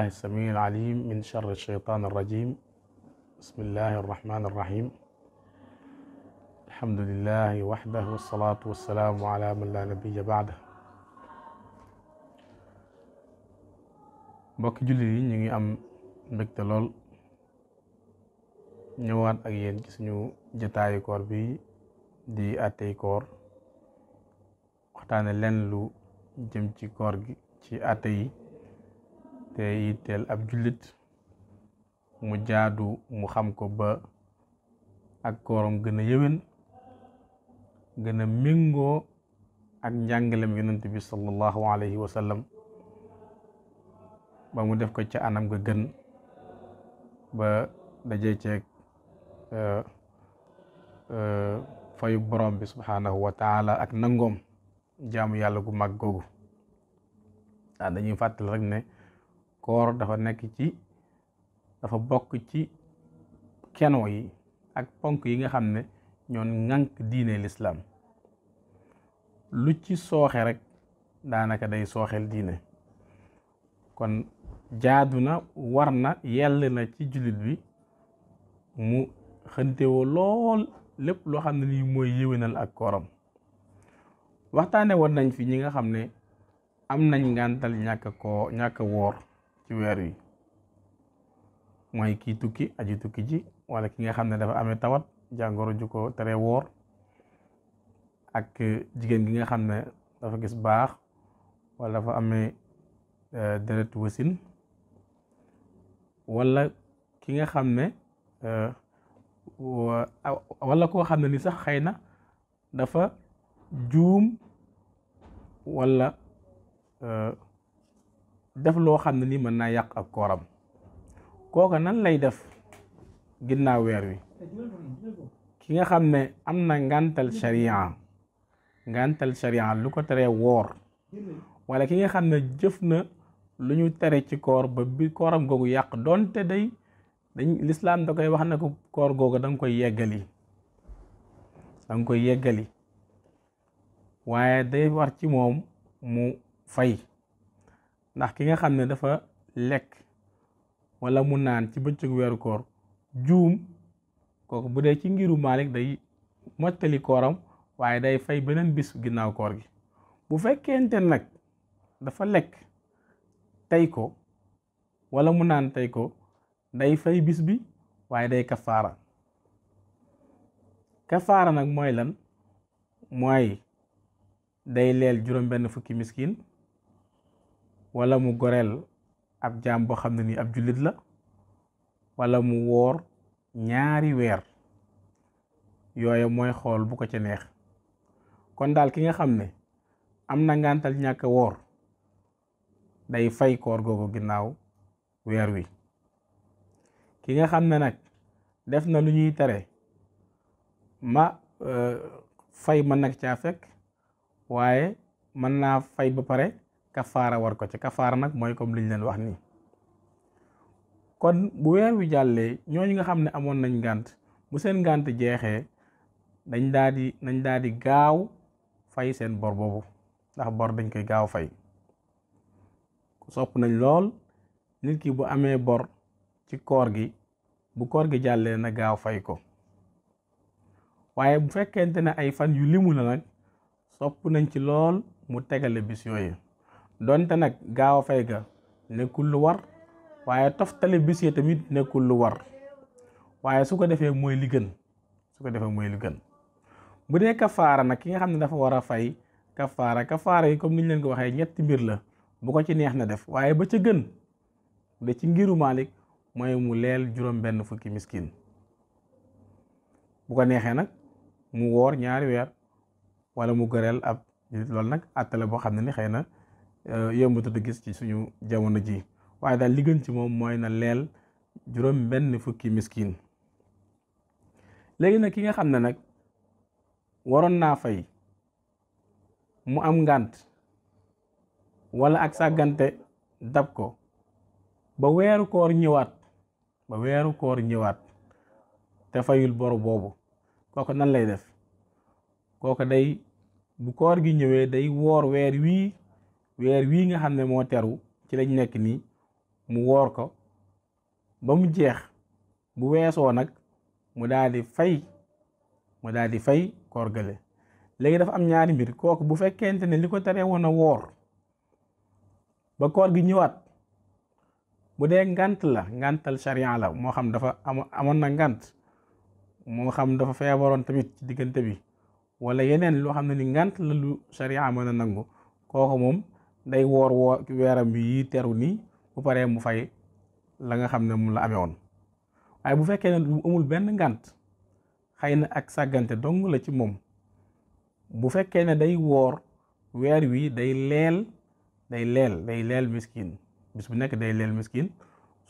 بالله السميع العليم من شر الشيطان الرجيم بسم الله الرحمن الرحيم الحمد لله وحده والصلاة والسلام على من لا نبي بعده mbokki jullit yi ñu ngi am mbégte lool ñëwaat ak yéen ci suñu jataayu koor bi di àttey koor waxtaane lenn lu jëm ci koor gi ci àtte yi te yitteel ab jullit mu jaadu mu xam ko ba ak kooram gën a yëwén gën a méngoo ak njàngalem yonent bi sallallahu alayhi wa ba mu def ko ca anam ga gën ba dajee ceeg eh, eh, fayu borom bi subhanahu wa ak nangoom jaamu yàlla gu mag googu dañuy fàttali rek ne koor dafa nekk ci dafa bokk ci keno yi ak ponk yi nga xam ne ñoon ŋànk diine lislaam lu ci sooxe rek daanaka day sooxel diine kon jaadu na war na yell na ci jullit bi mu xëntewoo lool lépp loo xam ne lii mooy yéwénal ak kooram waxtaane woon nañ fi ñi nga xam ne am nañ ngàntal ñàkk koo ñàkk woor ci weer wi mooy kii tukki aji tukki ji wala ki nga xam ne dafa amee tawat jàngoro ju ko tere woor ak jigéen gi nga xam ne dafa gis baax wala dafa amee euh, deret wasin wala ki nga xam ne euh, wala koo xam ne ni sax xëy na dafa juum wala euh, def loo xam ne lii mën naa yàq ak kooram kooka nan lay def ginnaaw weer wi ki nga xam ne am na ngàntal sharia ngàntal sharia lu ko teree woor walla ki nga xam ne jëf na lu ñu tere ci koor ba bi kooram googu yàq doonte day dañ lislaam da koy wax ne ko koor googu danga koy yeggali danga nga koy yeggali waaye day war ci moom mu fay ndax ki nga xam ne dafa lekk wala mu naan ci bëccëg weeru koor juum kooku bu dee ci ngiru Maalik day mottali kooram waaye day fay beneen bis ginnaaw koor gi bu fekkente nag dafa lekk tey ko wala mu naan tey ko day fay bis bi waaye day kafaara kafaara nag mooy lan mooy day leel juróom benn fukki miskin walla mu goreel ab jaam boo xam ne nii ab jullit la wala mu woor ñaari weer yooye mooy xool bu ko ca neex kon daal ki nga xam ne am na ngantal ñàkk woor day fay koor googu ginnaaw weer wi ki nga xam ne nag def na lu ñuy tere ma euh, fay ma nag caa fekk waaye mën naa fay ba pare kafaara war ko ci kafaara nag mooy comme liñ leen wax nii kon bu weer wi jàllee ñooñu nga xam ne amoon nañ ngànt bu seen ngànt jeexee dañ daa di nañ daal di gaaw fay seen bor boobu ndax bor dañ koy gaaw fay sopp nañ lool nit ki bu amee bor ci koor gi bu koor gi jàllee na gaaw fay ko waaye bu fekkente ne ay fan yu limu la nag sopp nañ ci lool mu tegale bis yooyu donte nag gaaw a fay ga nekkul lu war waaye toftale bis yi tamit nekkul lu war waaye su ko defee mooy li gën su ko defee mooy li gën bu dee kafaara nag ki nga xam ne dafa war a fay kafaara kafaara yi comme niñ leen ko waxee ñetti mbir la bu ko ci neex na def waaye ba ca gën da ci ngiru Malik mooy mu leel juróom-benn fukki miskin bu ko neexee nag mu woor ñaari weer wala mu gëreel ab loolu nag àttale boo xam ne ni xëy na. Euh, yombatul a gis ci suñu jamono ji waaye daal li ci moom mooy na leel juróom benn fukki miskin léegi nag ki nga xam ne nag waroon naa fay mu am ngànt wala ak sàggante dab ko ba weeru koor ñëwaat ba weeru koor ñëwaat te fayul bor boobu kooku nan lay def kooku day bu koor gi ñëwee day woor weer wii weer wii nga xam ne moo teru ci lañ nekk nii mu woor ko ba mu jeex bu weesoo nag mu daal di fay mu daal di fay koor léegi dafa am ñaari mbir kooku bu fekkente ne li ko teree woon a woor ba koor gi ñëwaat bu dee ngant la ngantal charia la moo xam dafa amoon na ngant moo xam dafa feebaroon tamit ci diggante bi wala yeneen loo xam ne ni ngant la lu charia mën a nangu kooku moom day woor woor weeram yi teru nii bu paree mu fay la nga xam ne mu la amee woon waaye bu fekkee ne amul benn ngànt xëy na ak sàggante dong la ci moom bu fekkee ne day woor weer wi day leel day leel leel miskin bis nekk day leel miskin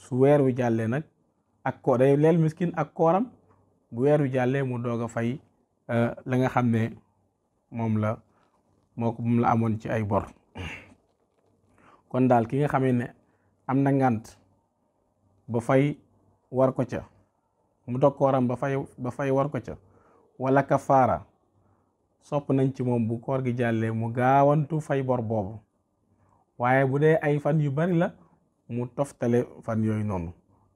su weer jàllee nag ak ak kooram bu weer mu doog a fay euh, la nga xam ne moom la moo la amoon ci ay bor kon daal ki nga xamee ne am na ngànt ba fay war ko ca mu dog kooram ba fay ba fay war ko ca wala kafaara sopp nañ ci moom bu koor gi jàllee mu gaawantu fay bor boobu waaye bu dee ay fan yu bari la mu toftale fan yooyu noonu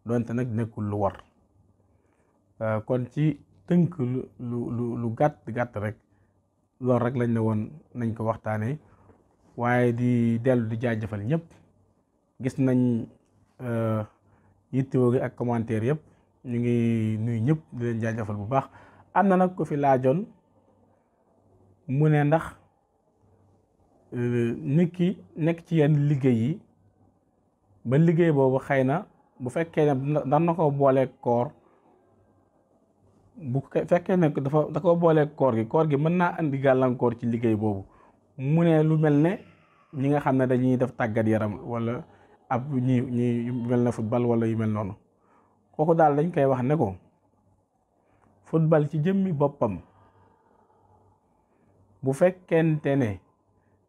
donte nag nekkul lu war euh, kon ci tënk lu lu lu gàtt gàtt rek loolu rek lañ ne woon nañ ko waxtaanee waaye di dellu di jaajëfal ñëpp gis nañ euh, yittewoo gi ak commentaire yëpp ñu ngi nuyu ñëpp di leen jaajëfal bu baax am na nag ko fi laajoon mu ne ndax euh, nit ki nekk ci yenn liggéey yi ba liggéey boobu xëy na bu fekkee ne dan na ko boolee koor bu fekkee ne dafa da koo boolee koor gi koor gi mën naa andi gàllankoor ci liggéey boobu mu ne lu mel ne ñi nga xam ne dañuy def tàggat yaram wala ab ñi ñi mel na football wala yu mel noonu kooku daal dañ koy wax ne ko football ci jëmmi boppam bu fekkente ne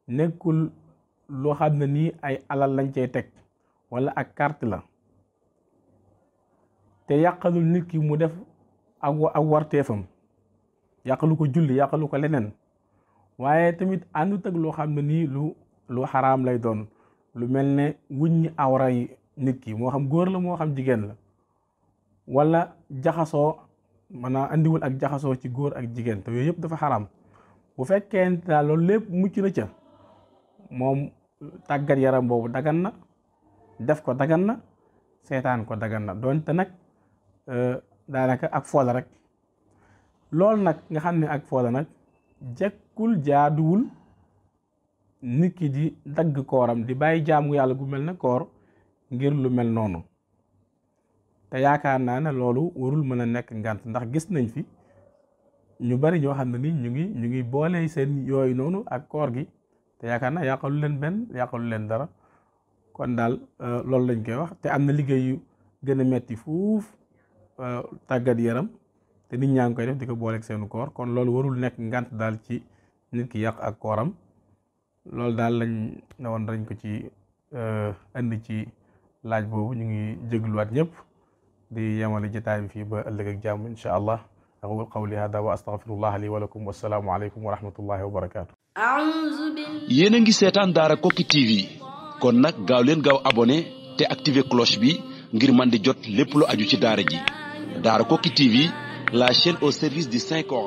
nekkul loo xam ne nii ay alal lañ cay teg wala ak kart la te yàqalul nit ki mu def ak ak warteefam yàqalu ko julli yàqalu ko leneen waaye tamit àndut ak loo xam ne nii lu lu xaraam lay doon lu mel ne wuññi awra yi nit ki moo xam góor la moo xam jigéen la wala jaxasoo maanaam andiwul ak jaxasoo ci góor ak jigéen te yooyu yëpp dafa xaram bu fekkee daal loolu lépp mucc na ca moom tàggat yaram boobu dagan na def ko dagan na seetaan ko dagan na doonte nag euh, daanaka ak foola rek loolu nag nga xam ne ak foola nag jëkkul jaaduwul nit ki di dagg kooram di bàyyi jaamu yàlla gu mel ne koor ngir lu mel noonu te yaakaar naa ne loolu warul mën a nekk ngànt ndax gis nañ fi ñu bari ñoo xam ne ni ñu ngi ñu ngi boole seen yooyu noonu ak koor gi te yaakaar naa yàqalu leen benn yàqalu leen dara kon daal euh, loolu lañ koy wax te am na liggéey gën a metti fuuf euh, tàggat yaram te nit ñaa koy def di ko booleeg seenu koor kon loolu warul nekk ngant daal ci nit ki yàq ak kooram loolu daal lañ ne woon dañ ko ci eh, indi ci laaj boobu ñu ngi jégluwaat ñëpp di yemale jotaay bi fii ba ëllëg ak jàmm incha allah aqulu qawli hada wa astaghfirullah li wa lakum wassalaamu aleykum wa rahmatullahi wa barakaatu a ngi seetaan daara Koki TV kon nag gaaw leen gaaw te activer cloche bi ngir man di jot lépp lu aju ci daara ji daara Koki TV la chaîne au service du Saint-Coran.